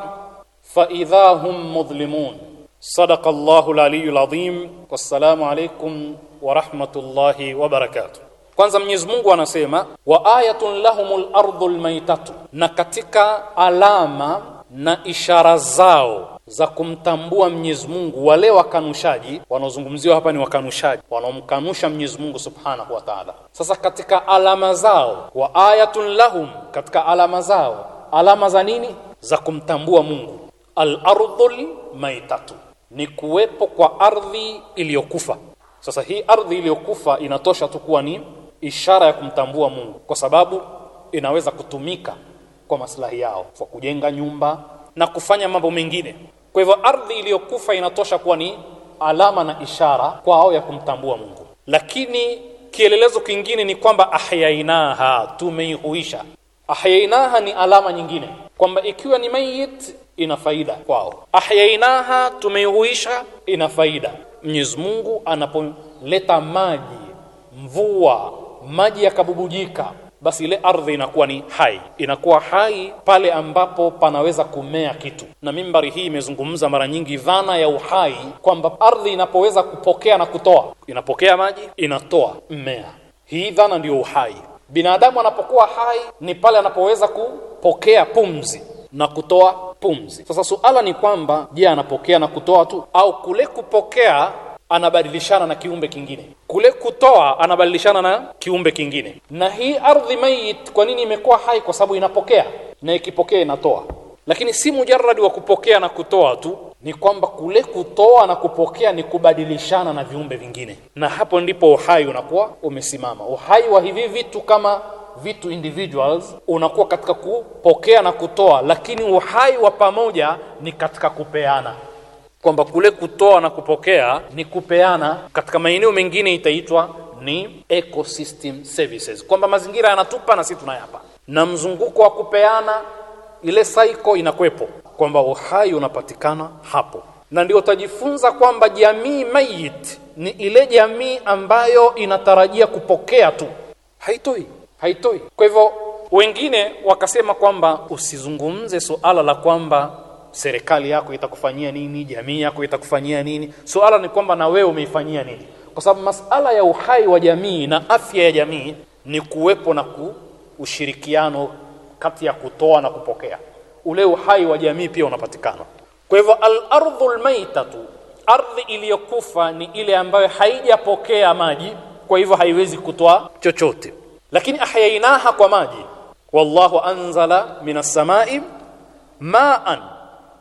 fa idha hum mudlimun sadaqa Allahu azim wassalamu alaykum wa rahmatullahi wa barakatuh kwanza Mwenyezi Mungu anasema wa ayatun lahumul ardhul maitatu na katika alama na ishara zao za kumtambua Mwenyezi Mungu. Wale wakanushaji wanaozungumziwa hapa ni wakanushaji wanaomkanusha Mwenyezi Mungu Subhanahu wa Ta'ala. Sasa katika alama zao, wa ayatun lahum, katika alama zao, alama za nini? Za kumtambua Mungu. Al-ardhul maitatu ni kuwepo kwa ardhi iliyokufa. Sasa hii ardhi iliyokufa inatosha tu kuwa ni ishara ya kumtambua Mungu, kwa sababu inaweza kutumika kwa maslahi yao, kwa kujenga nyumba na kufanya mambo mengine. Kwa hivyo ardhi iliyokufa inatosha kuwa ni alama na ishara kwao ya kumtambua Mungu, lakini kielelezo kingine ni kwamba ahyainaha, tumeihuisha. Ahyainaha ni alama nyingine kwamba ikiwa ni mayit ina faida kwao. Ahyainaha, tumeihuisha, ina faida. Mwenyezi Mungu anapoleta maji, mvua, maji yakabubujika basi ile ardhi inakuwa ni hai, inakuwa hai pale ambapo panaweza kumea kitu. Na mimbari hii imezungumza mara nyingi dhana ya uhai, kwamba ardhi inapoweza kupokea na kutoa, inapokea maji, inatoa mmea. Hii dhana ndiyo uhai. Binadamu anapokuwa hai ni pale anapoweza kupokea pumzi na kutoa pumzi. Sasa suala ni kwamba, je, anapokea na kutoa tu au kule kupokea anabadilishana na kiumbe kingine, kule kutoa anabadilishana na kiumbe kingine. Na hii ardhi mayit, kwa nini imekuwa hai? Kwa sababu inapokea, na ikipokea inatoa. Lakini si mujarradi wa kupokea na kutoa tu, ni kwamba kule kutoa na kupokea ni kubadilishana na viumbe vingine, na hapo ndipo uhai unakuwa umesimama. Uhai wa hivi vitu kama vitu individuals unakuwa katika kupokea na kutoa, lakini uhai wa pamoja ni katika kupeana kwamba kule kutoa na kupokea ni kupeana. Katika maeneo mengine itaitwa ni ecosystem services, kwamba mazingira yanatupa na sisi tunayapa, na mzunguko wa kupeana, ile cycle inakwepo, kwamba uhai unapatikana hapo, na ndio utajifunza kwamba jamii mayit ni ile jamii ambayo inatarajia kupokea tu, haitoi haitoi. Kwa hivyo wengine wakasema kwamba usizungumze suala la kwamba serikali yako itakufanyia nini, jamii yako itakufanyia nini. Suala ni kwamba na wewe umeifanyia nini, kwa sababu masala ya uhai wa jamii na afya ya jamii ni kuwepo na ku, ushirikiano kati ya kutoa na kupokea, ule uhai wa jamii pia unapatikana. Kwa hivyo al-ardhu maitatu ardhi iliyokufa ni ile ambayo haijapokea maji, kwa hivyo haiwezi kutoa chochote, lakini ahyainaha kwa maji. Wallahu anzala minas samai maan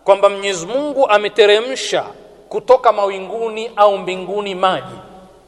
kwamba Mwenyezi Mungu ameteremsha kutoka mawinguni au mbinguni maji,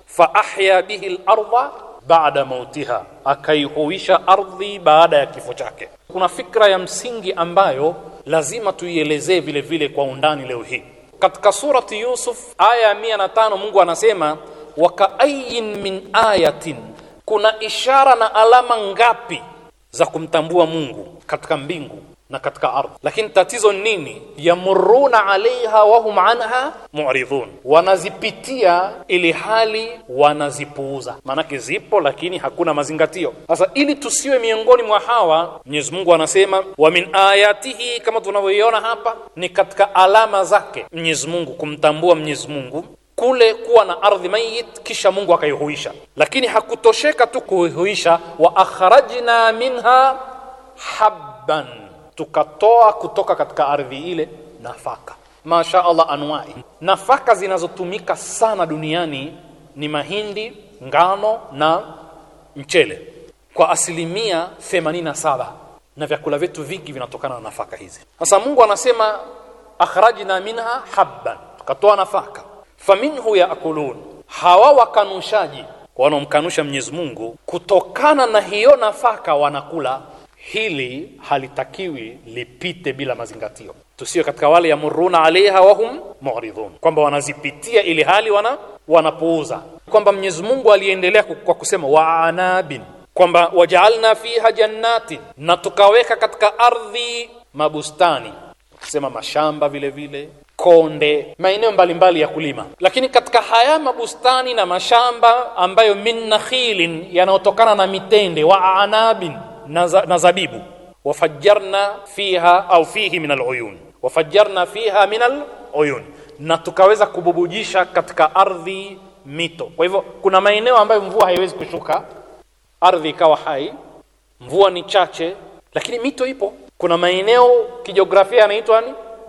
fa ahya bihi al-ardha baada mautiha, akaihuisha ardhi baada ya kifo chake. Kuna fikra ya msingi ambayo lazima tuielezee vile vile kwa undani leo hii. Katika surati Yusuf aya ya 105 Mungu anasema wakaayin min ayatin, kuna ishara na alama ngapi za kumtambua Mungu katika mbingu na katika ardhi. Lakini tatizo nini? Yamuruna alaiha wa hum anha mu'ridun, wanazipitia ili hali wanazipuuza. Maanake zipo lakini hakuna mazingatio. Sasa ili tusiwe miongoni mwa hawa, Mwenyezi Mungu anasema wa min ayatihi, kama tunavyoiona hapa, ni katika alama zake Mwenyezi Mungu, kumtambua Mwenyezi Mungu kule kuwa na ardhi mayit, kisha Mungu akaihuisha. Lakini hakutosheka tu kuihuisha, wa akhrajna minha habban tukatoa kutoka katika ardhi ile nafaka. Masha Allah, anwai nafaka zinazotumika sana duniani ni mahindi, ngano na mchele kwa asilimia 87, na vyakula vyetu vingi vinatokana na nafaka hizi. Sasa Mungu anasema akhrajna minha habban, tukatoa nafaka. Faminhu yakulun hawa wakanushaji wanaomkanusha Mwenyezi Mungu, kutokana na hiyo nafaka wanakula hili halitakiwi lipite bila mazingatio, tusiwe katika wale yamuruna alaiha wahum muridhun, kwamba wanazipitia ili hali wana wanapuuza, kwamba Mwenyezi Mungu aliendelea kwa kusema wa anabin, kwamba wajaalna fiha jannatin, na tukaweka katika ardhi mabustani, kusema mashamba vile vile konde maeneo mbalimbali ya kulima, lakini katika haya mabustani na mashamba ambayo min nakhilin yanayotokana na mitende wa anabin na zabibu wafajjarna fiha au fihi min aluyun wafajjarna fiha min aluyun, na tukaweza kububujisha katika ardhi mito. Kwa hivyo kuna maeneo ambayo mvua haiwezi kushuka, ardhi ikawa hai, mvua ni chache, lakini mito ipo. Kuna maeneo kijiografia yanaitwa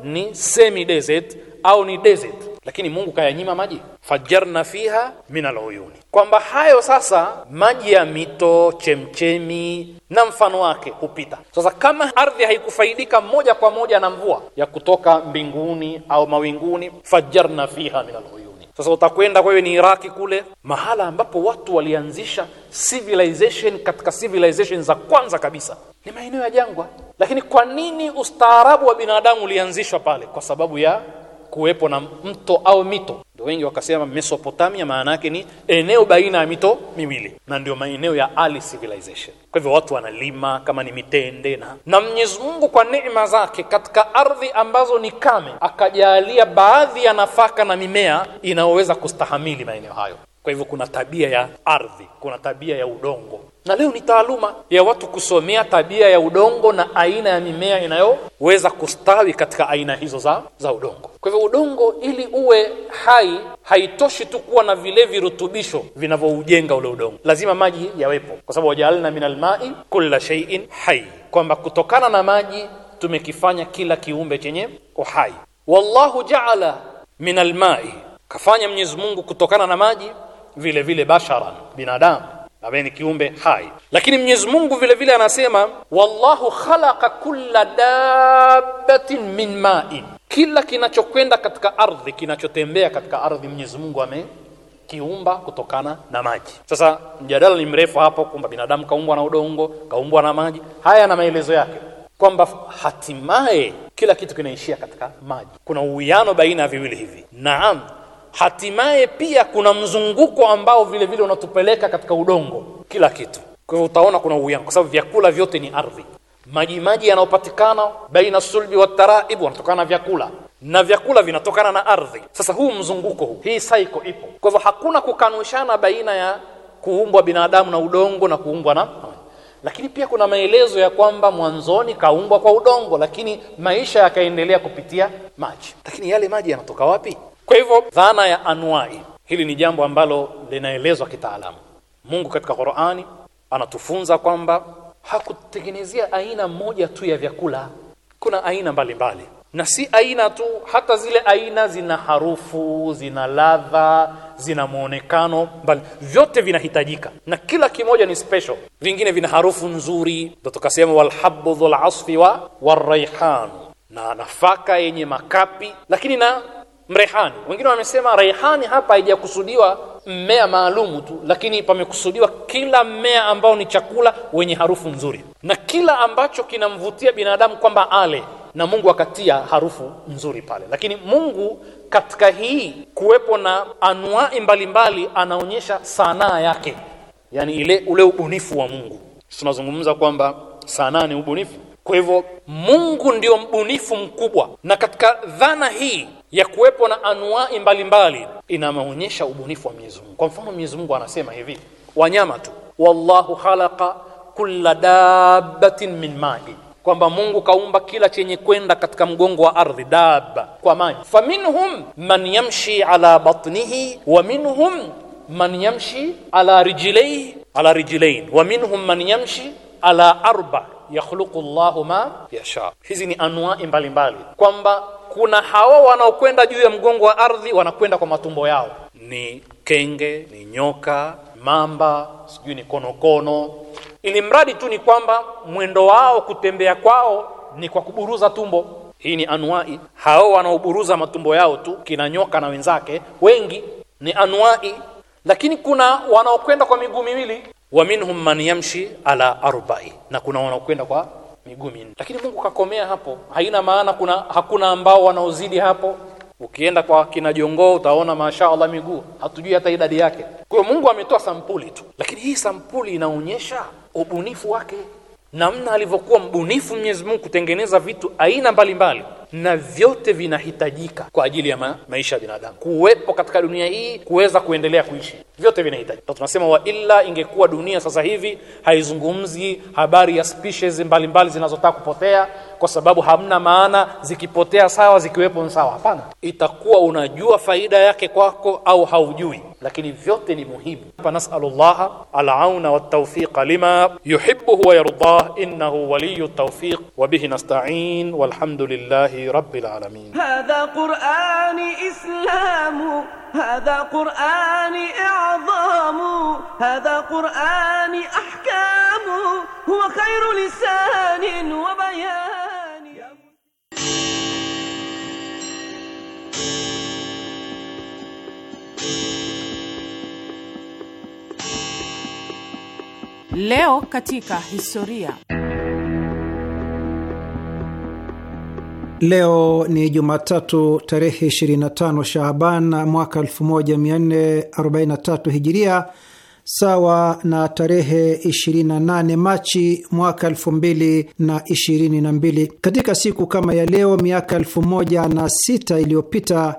ni semi desert au ni desert lakini Mungu kayanyima maji, fajarna fiha min aluyuni, kwamba hayo sasa maji ya mito, chemchemi na mfano wake hupita. Sasa kama ardhi haikufaidika moja kwa moja na mvua ya kutoka mbinguni au mawinguni, fajarna fiha min aluyuni sasa utakwenda kwa ni Iraki kule, mahala ambapo watu walianzisha civilization katika civilization za kwanza kabisa ni maeneo ya jangwa. Lakini kwa nini ustaarabu wa binadamu ulianzishwa pale? Kwa sababu ya kuwepo na mto au mito. Ndio wengi wakasema Mesopotamia maana yake ni eneo baina ya mito miwili, na ndio maeneo ya early civilization. Kwa hivyo watu wanalima kama ni mitende na, na Mwenyezi Mungu kwa neema zake katika ardhi ambazo ni kame akajalia baadhi ya nafaka na mimea inayoweza kustahamili maeneo hayo. Kwa hivyo kuna tabia ya ardhi, kuna tabia ya udongo, na leo ni taaluma ya watu kusomea tabia ya udongo na aina ya mimea inayoweza kustawi katika aina hizo za, za udongo. Kwa hivyo udongo ili uwe hai, haitoshi tu kuwa na vile virutubisho vinavyoujenga ule udongo, lazima maji yawepo, kwa sababu wajaalna min almai kulla shaiin hai, kwamba kutokana na maji tumekifanya kila kiumbe chenye uhai. Wallahu jaala min almai, kafanya Mwenyezi Mungu kutokana na maji vile vile basharan binadamu ambaye ni kiumbe hai lakini Mwenyezi Mungu vile vile anasema wallahu khalaqa kulla dabbatin min ma'in kila kinachokwenda katika ardhi kinachotembea katika ardhi Mwenyezi Mungu ame kiumba kutokana na maji. Sasa mjadala ni mrefu hapo kwamba binadamu kaumbwa na udongo, kaumbwa na maji. Haya na maelezo yake kwamba hatimaye kila kitu kinaishia katika maji. Kuna uwiano baina ya viwili hivi. Naam, hatimaye pia kuna mzunguko ambao vile vile unatupeleka katika udongo, kila kitu. Kwa hivyo utaona kuna uwiano, kwa sababu vyakula vyote ni ardhi. Maji maji yanayopatikana baina sulbi wa taraibu wanatokana na vyakula na vyakula vinatokana na ardhi. Sasa huu mzunguko huu, hii cycle ipo. Kwa hivyo hakuna kukanushana baina ya kuumbwa binadamu na udongo na kuumbwa na lakini pia kuna maelezo ya kwamba mwanzoni kaumbwa kwa udongo, lakini maisha yakaendelea kupitia maji. Lakini yale maji yanatoka wapi? Kwa hivyo dhana ya anwai hili ni jambo ambalo linaelezwa kitaalamu. Mungu katika Qur'ani anatufunza kwamba hakutengenezea aina moja tu ya vyakula, kuna aina mbalimbali mbali. Na si aina tu, hata zile aina zina harufu, zina ladha, zina muonekano bali vyote vinahitajika, na kila kimoja ni special. Vingine vina harufu nzuri, ndio tukasema walhabu dhul asfi wa waraihan, na nafaka yenye makapi, lakini na mrehani. Wengine wamesema reihani hapa haijakusudiwa mmea maalumu tu, lakini pamekusudiwa kila mmea ambao ni chakula wenye harufu nzuri na kila ambacho kinamvutia binadamu kwamba ale, na Mungu akatia harufu nzuri pale. Lakini Mungu katika hii kuwepo na anuai mbalimbali anaonyesha sanaa yake, yani ile ule ubunifu wa Mungu. Tunazungumza kwamba sanaa ni ubunifu. Kwa hivyo Mungu ndio mbunifu mkubwa, na katika dhana hii ya kuwepo na anuai mbalimbali inamaonyesha ubunifu wa Mwenyezi Mungu. Kwa mfano Mwenyezi Mungu anasema hivi, wanyama tu, wallahu khalaqa kulla dabbatin min ma'i, kwamba Mungu kaumba kila chenye kwenda katika mgongo wa ardhi, dabba kwa maji. Faminhum man yamshi ala batnihi wa minhum man yamshi ala rijlaihi ala rijlain wa minhum man yamshi ala arba yakhluqu Allahu ma yasha. Hizi ni anuai mbalimbali kwamba kuna hawa wanaokwenda juu ya mgongo wa ardhi wanakwenda kwa matumbo yao, ni kenge, ni nyoka, mamba, sijui ni konokono, ili mradi tu ni kwamba mwendo wao kutembea kwao ni kwa kuburuza tumbo. Hii ni anwai. Hao wanaoburuza matumbo yao tu, kina nyoka na wenzake wengi, ni anwai. Lakini kuna wanaokwenda kwa miguu miwili, wa minhum man yamshi ala arba'i, na kuna wanaokwenda kwa miguu minne. Lakini Mungu kakomea hapo, haina maana kuna hakuna ambao wanaozidi hapo. Ukienda kwa kina Jongoo utaona masha Allah miguu, hatujui hata idadi yake. Kwa hiyo Mungu ametoa sampuli tu, lakini hii sampuli inaonyesha ubunifu wake, namna alivyokuwa mbunifu Mwenyezi Mungu kutengeneza vitu aina mbalimbali mbali na vyote vinahitajika kwa ajili ya ma maisha ya binadamu kuwepo katika dunia hii kuweza kuendelea kuishi vyote vinahitaji. Tunasema wa illa, ingekuwa dunia sasa hivi haizungumzi habari ya species mbalimbali zinazotaka kupotea, kwa sababu hamna maana zikipotea sawa, zikiwepo sawa. Hapana, itakuwa unajua faida yake kwako au haujui, lakini vyote ni muhimu. Hapa nasalullaha alauna waltawfiqa lima yuhibbuhu wa yardah innahu waliyu tawfiq wa bihi nasta'in walhamdulillahi rabbil alamin. Hadha qur'ani islamu هذا قرآني أعظام هذا قرآني أحكام هو خير لسان وبيان Leo katika historia. Leo ni Jumatatu tarehe 25 Shaaban mwaka 1443 Hijiria, sawa na tarehe 28 Machi mwaka 2022. Katika siku kama ya leo miaka 1006 iliyopita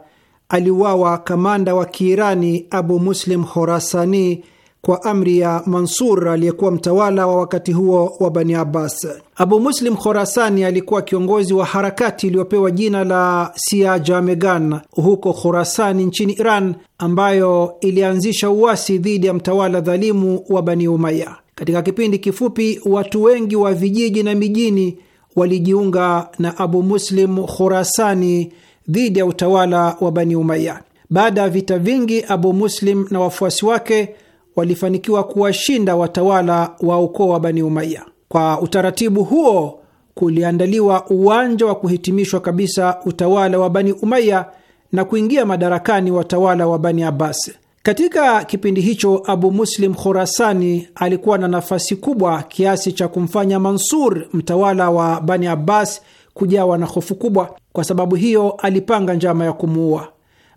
aliuawa kamanda wa Kiirani Abu Muslim horasani kwa amri ya Mansur aliyekuwa mtawala wa wakati huo wa Bani Abbas. Abu Muslim Khorasani alikuwa kiongozi wa harakati iliyopewa jina la Siajamegan huko Khorasani nchini Iran, ambayo ilianzisha uasi dhidi ya mtawala dhalimu wa Bani Umaya. Katika kipindi kifupi, watu wengi wa vijiji na mijini walijiunga na Abu Muslim Khorasani dhidi ya utawala wa Bani Umaya. Baada ya vita vingi, Abu Muslim na wafuasi wake walifanikiwa kuwashinda watawala wa ukoo wa Bani Umaiya. Kwa utaratibu huo kuliandaliwa uwanja wa kuhitimishwa kabisa utawala wa Bani umaya na kuingia madarakani watawala wa Bani Abbas. Katika kipindi hicho Abu Muslim Khorasani alikuwa na nafasi kubwa kiasi cha kumfanya Mansur, mtawala wa Bani Abbas, kujawa na hofu kubwa. Kwa sababu hiyo, alipanga njama ya kumuua.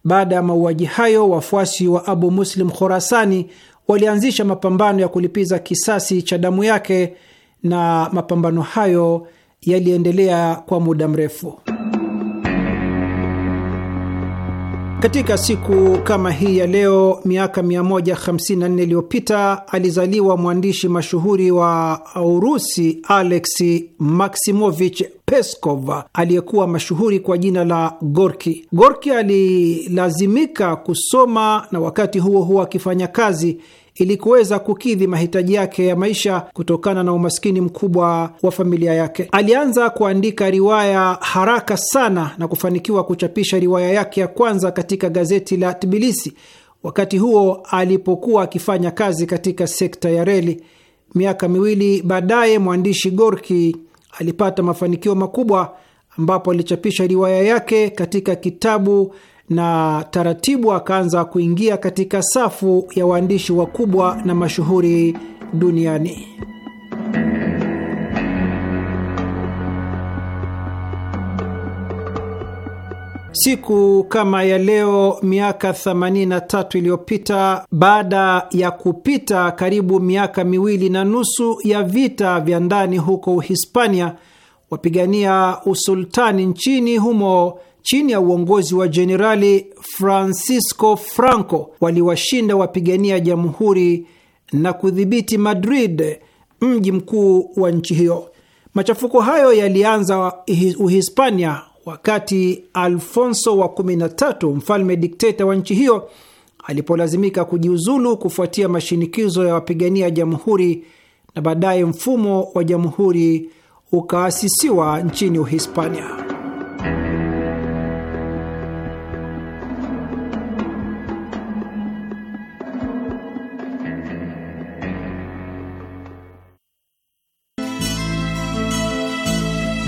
Baada ya mauaji hayo, wafuasi wa Abu Muslim Khorasani walianzisha mapambano ya kulipiza kisasi cha damu yake na mapambano hayo yaliendelea kwa muda mrefu. Katika siku kama hii ya leo miaka 154 iliyopita alizaliwa mwandishi mashuhuri wa Urusi Alexei Maksimovich Peskov aliyekuwa mashuhuri kwa jina la Gorki. Gorki alilazimika kusoma na wakati huo huo akifanya kazi ili kuweza kukidhi mahitaji yake ya maisha kutokana na umaskini mkubwa wa familia yake. Alianza kuandika riwaya haraka sana na kufanikiwa kuchapisha riwaya yake ya kwanza katika gazeti la Tbilisi wakati huo alipokuwa akifanya kazi katika sekta ya reli. Miaka miwili baadaye, mwandishi Gorki alipata mafanikio makubwa ambapo alichapisha riwaya yake katika kitabu na taratibu akaanza kuingia katika safu ya waandishi wakubwa na mashuhuri duniani. Siku kama ya leo miaka 83 iliyopita, baada ya kupita karibu miaka miwili na nusu ya vita vya ndani huko Uhispania, wapigania usultani nchini humo chini ya uongozi wa Jenerali Francisco Franco waliwashinda wapigania jamhuri na kudhibiti Madrid, mji mkuu wa nchi hiyo. Machafuko hayo yalianza Uhispania wakati Alfonso wa 13 mfalme dikteta wa nchi hiyo alipolazimika kujiuzulu kufuatia mashinikizo ya wapigania jamhuri na baadaye mfumo wa jamhuri ukaasisiwa nchini Uhispania.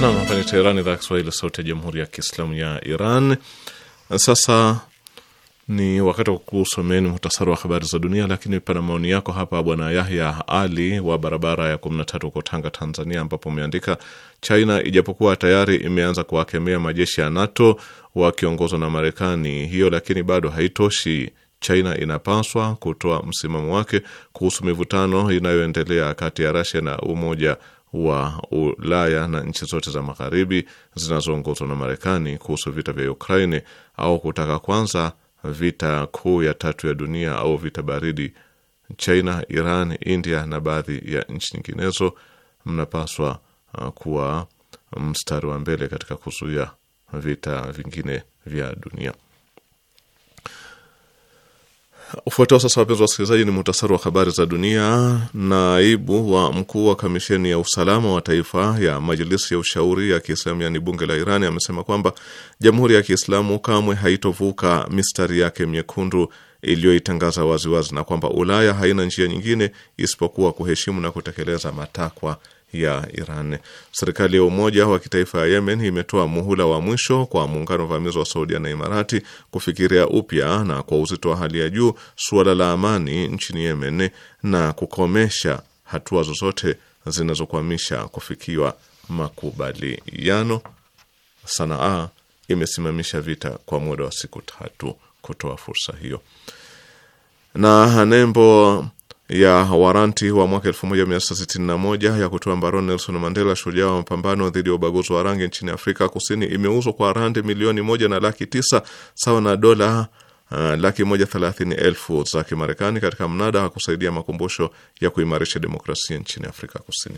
Nam, hapa ni Teherani, idhaa ya Kiswahili, sauti ya jamhuri ya kiislamu ya Iran. Sasa ni wakati wa kusomeni muhtasari wa habari za dunia, lakini pana maoni yako hapa. Bwana Yahya Ali wa barabara ya tatu huko Tanga, Tanzania, ambapo umeandika China ijapokuwa tayari imeanza kuwakemea majeshi ya NATO wakiongozwa na Marekani hiyo, lakini bado haitoshi. China inapaswa kutoa msimamo wake kuhusu mivutano inayoendelea kati ya rasia na Umoja wa Ulaya na nchi zote za magharibi zinazoongozwa na Marekani kuhusu vita vya Ukraini au kutaka kwanza vita kuu ya tatu ya dunia au vita baridi, China, Iran, India na baadhi ya nchi nyinginezo, mnapaswa uh, kuwa mstari wa mbele katika kuzuia vita vingine vya dunia. Ufuatao sasa, wapenzi wa wasikilizaji, ni muhtasari wa habari za dunia. Naibu wa mkuu wa kamisheni ya usalama wa taifa ya majilisi ya ushauri ya Kiislamu, yaani bunge la Irani, amesema kwamba jamhuri ya Kiislamu kamwe haitovuka mistari yake myekundu iliyoitangaza waziwazi na kwamba Ulaya haina njia nyingine isipokuwa kuheshimu na kutekeleza matakwa ya Iran. Serikali ya umoja wa kitaifa ya Yemen imetoa muhula wa mwisho kwa muungano vamizi wa Saudia na Imarati kufikiria upya na kwa uzito wa hali ya juu suala la amani nchini Yemen na kukomesha hatua zozote zinazokwamisha kufikiwa makubaliano. Sanaa imesimamisha vita kwa muda wa siku tatu kutoa fursa hiyo. Na nembo ya waranti wa mwaka 1961 ya kutoa mbaroni Nelson Mandela, shujaa wa mapambano dhidi ya ubaguzi wa rangi nchini Afrika Kusini, imeuzwa kwa randi milioni moja na laki tisa sawa na dola uh, laki moja thelathini elfu za Kimarekani katika mnada wa kusaidia makumbusho ya kuimarisha demokrasia nchini Afrika Kusini.